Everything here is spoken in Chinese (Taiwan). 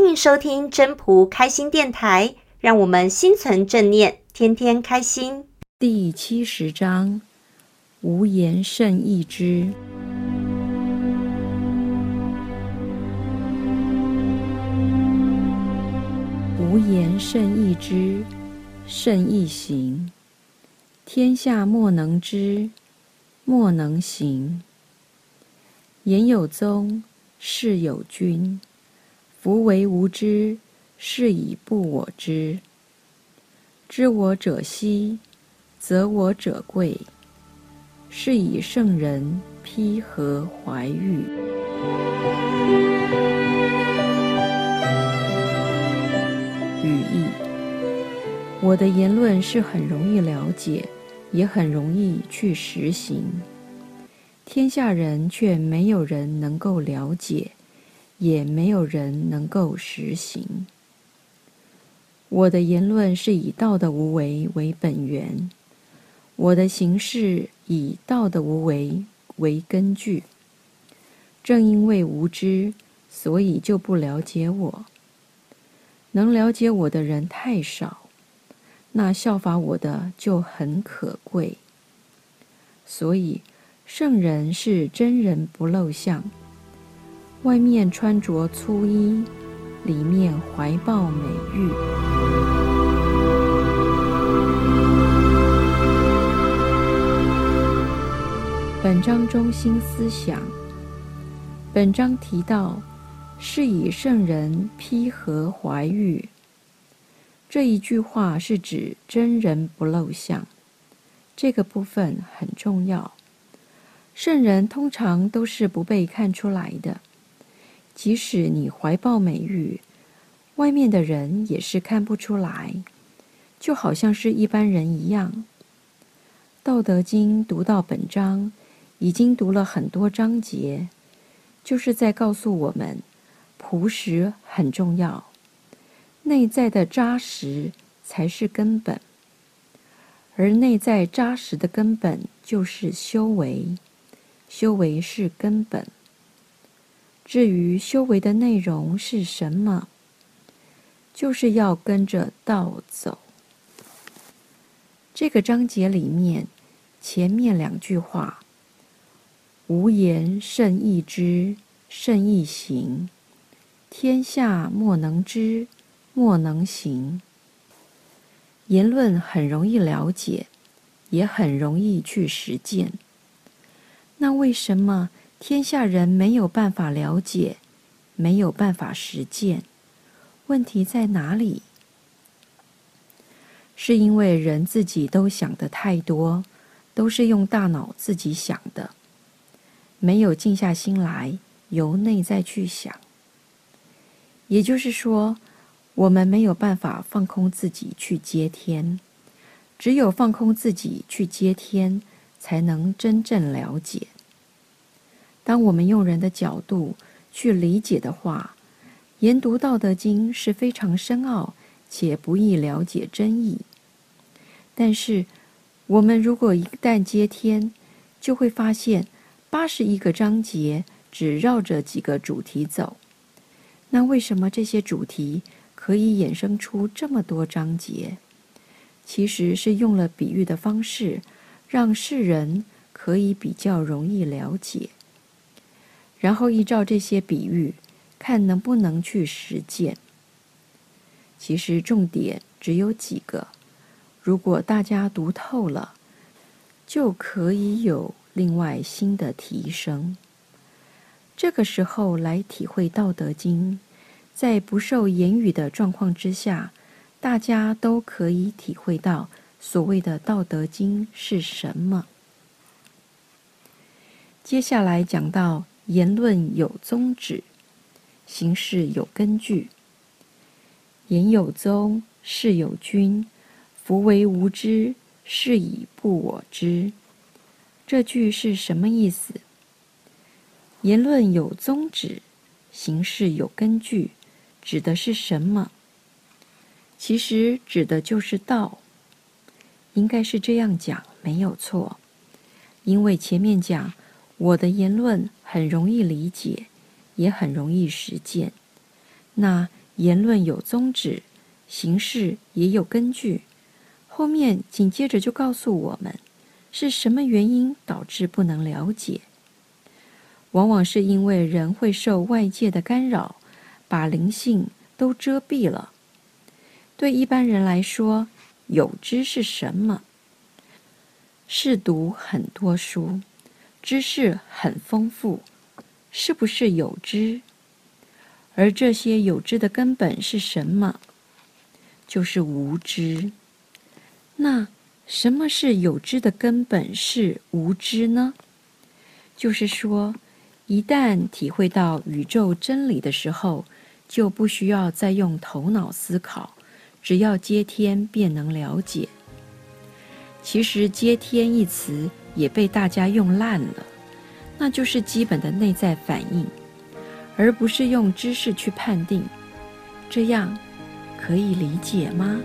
歡迎收聽真樸開心電台，讓我們心存正念，天天開心。第七十章：吾言甚易知，吾言甚易知，甚易行，天下莫能知，莫能行。言有宗，事有君。夫唯無知，是以不我知。知我者希，則我者貴。是以聖人被褐懷玉。語意：我的言論是很容易了解，也很容易去實行，天下人卻沒有人能夠了解。也沒有人能夠實行。我的言論是以道的無為為本源，我的行事以道的無為為根據。正因為無知，所以就不了解我。能了解我的人太少，那效法我的就很可貴。所以，聖人是真人不露相。外面穿着粗衣，裡面懷抱美玉。本章中心思想：本章提到“是以聖人被褐懷玉”這一句話，是指真人不露相。這個部分很重要。聖人通常都是不被看出來的。即使你懷抱美玉，外面的人也是看不出來，就好像是一般人一樣。《道德經》讀到本章，已經讀了很多章節，就是在告訴我們，樸實很重要，內在的扎實才是根本，而內在扎實的根本就是修為，修為是根本。至於修為的內容是什麼，就是要跟着道走。這個章節裡面，前面兩句話：“吾言甚易知，甚易行；天下莫能知，莫能行。”言論很容易了解，也很容易去實踐。那為什麼？天下人沒有辦法了解，沒有辦法實踐。問題在哪裡？是因為人自己都想的太多，都是用大腦自己想的，沒有靜下心來由內在去想。也就是說，我們沒有辦法放空自己去接天，只有放空自己去接天，才能真正了解。當我們用人的角度去理解的話，研讀《道德經》是非常深奧且不易了解真意。但是，我們如果一旦接天，就會發現八十一個章節只繞着幾個主題走。那為什麼這些主題可以衍生出這麼多章節？其實是用了比喻的方式，讓世人可以比較容易了解。然後依照這些比喻，看能不能去實踐。其實重點只有幾個，如果大家讀透了，就可以有另外新的提升。這個時候來體會《道德經》，在不受言語的狀況之下，大家都可以體會到所謂的《道德經》是什麼。接下來講到。言論有宗旨，行事有根據。言有宗，事有君。夫唯無知，是以不我知。這句是什麼意思？言論有宗旨，行事有根據，指的是什麼？其實指的就是道。應該是這樣講沒有錯，因為前面講我的言論。很容易理解，也很容易實踐。那言論有宗旨，行事也有根據。後面緊接着就告訴我們，是什麼原因導致不能了解？往往是因為人會受外界的干擾，把靈性都遮蔽了。對一般人來說，有知是什麼？是讀很多書。知識很豐富，是不是有知？而這些有知的根本是什麼？就是無知。那什麼是有知的根本是無知呢？就是說，一旦體會到宇宙真理的時候，就不需要再用頭腦思考，只要接天便能了解。其實接天一詞，也被大家用爛了，那就是基本的內在反應，而不是用知識去判定，這樣可以理解嗎？